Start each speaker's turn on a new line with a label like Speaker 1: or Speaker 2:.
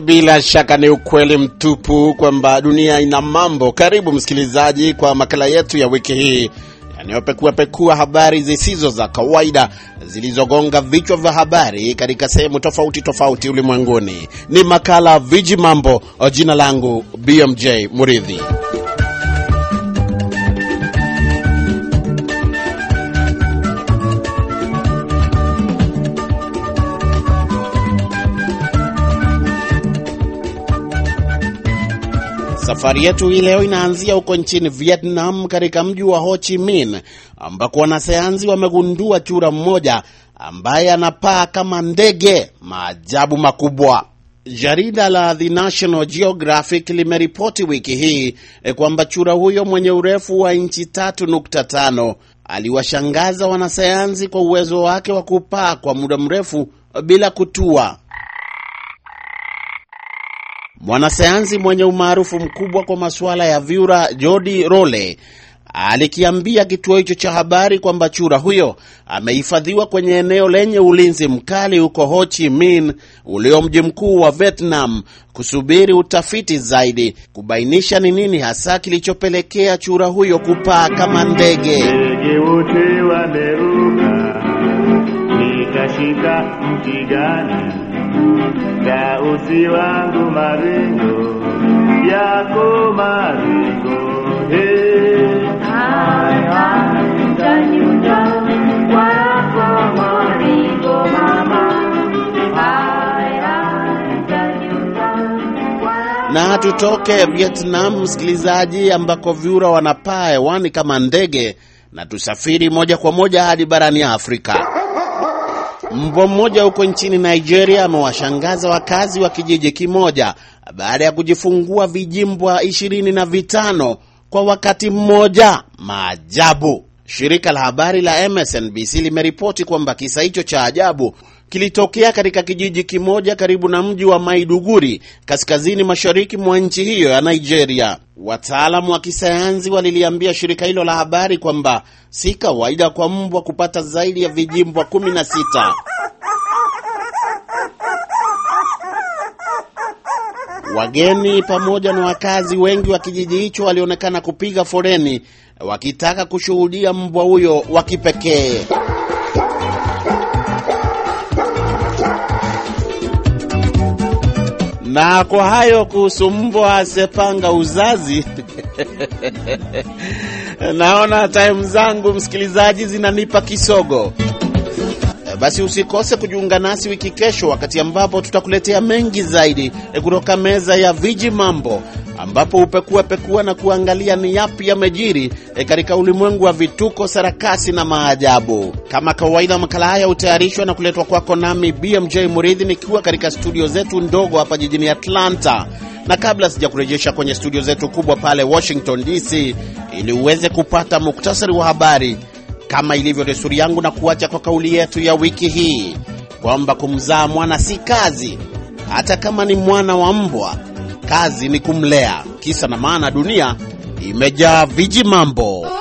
Speaker 1: Bila shaka ni ukweli mtupu kwamba dunia ina mambo. Karibu msikilizaji, kwa makala yetu ya wiki hii yanayopekuapekua habari zisizo za kawaida zilizogonga vichwa vya habari katika sehemu tofauti tofauti ulimwenguni. Ni makala Viji Mambo. Jina langu BMJ Muridhi. Safari yetu hii leo inaanzia huko nchini Vietnam, katika mji wa Ho Chi Minh ambako wanasayansi wamegundua chura mmoja ambaye anapaa kama ndege. Maajabu makubwa. Jarida la The National Geographic limeripoti wiki hii eh, kwamba chura huyo mwenye urefu wa inchi 3.5 aliwashangaza wanasayansi kwa uwezo wake wa kupaa kwa muda mrefu bila kutua. Mwanasayansi mwenye umaarufu mkubwa kwa masuala ya vyura Jodi Role alikiambia kituo hicho cha habari kwamba chura huyo amehifadhiwa kwenye eneo lenye ulinzi mkali huko Ho Chi Minh ulio mji mkuu wa Vietnam kusubiri utafiti zaidi kubainisha ni nini hasa kilichopelekea chura huyo kupaa kama ndege. Wote mti gani Kausi wangu maringo yako maringo Na tutoke Vietnam, msikilizaji, ambako vyura wanapaa hewani kama ndege, na tusafiri moja kwa moja hadi barani Afrika. Mbwa mmoja huko nchini Nigeria amewashangaza wakazi wa kijiji kimoja baada ya kujifungua vijimbwa ishirini na vitano kwa wakati mmoja. Maajabu! Shirika la habari la MSNBC limeripoti kwamba kisa hicho cha ajabu kilitokea katika kijiji kimoja karibu na mji wa Maiduguri kaskazini mashariki mwa nchi hiyo ya Nigeria. Wataalamu wa kisayansi waliliambia shirika hilo la habari kwamba si kawaida kwa mbwa kupata zaidi ya vijimbwa 16. Wageni pamoja na wakazi wengi wa kijiji hicho walionekana kupiga foleni wakitaka kushuhudia mbwa huyo wa kipekee. Na kwa hayo kuhusu mbwa asepanga uzazi naona taimu zangu msikilizaji, zinanipa kisogo. Basi usikose kujiunga nasi wiki kesho, wakati ambapo tutakuletea mengi zaidi eh, kutoka meza ya viji mambo ambapo pekua na kuangalia ni yapi yamejiri e katika ulimwengu wa vituko, sarakasi na maajabu. Kama kawaida, makala haya hutayarishwa na kuletwa kwako nami BMJ Muridhi nikiwa katika studio zetu ndogo hapa jijini Atlanta, na kabla sijakurejesha kwenye studio zetu kubwa pale Washington DC ili uweze kupata muktasari wa habari, kama ilivyo desturi yangu, na kuacha kwa kauli yetu ya wiki hii kwamba kumzaa mwana si kazi, hata kama ni mwana wa mbwa kazi ni kumlea. Kisa na maana, dunia imejaa viji mambo.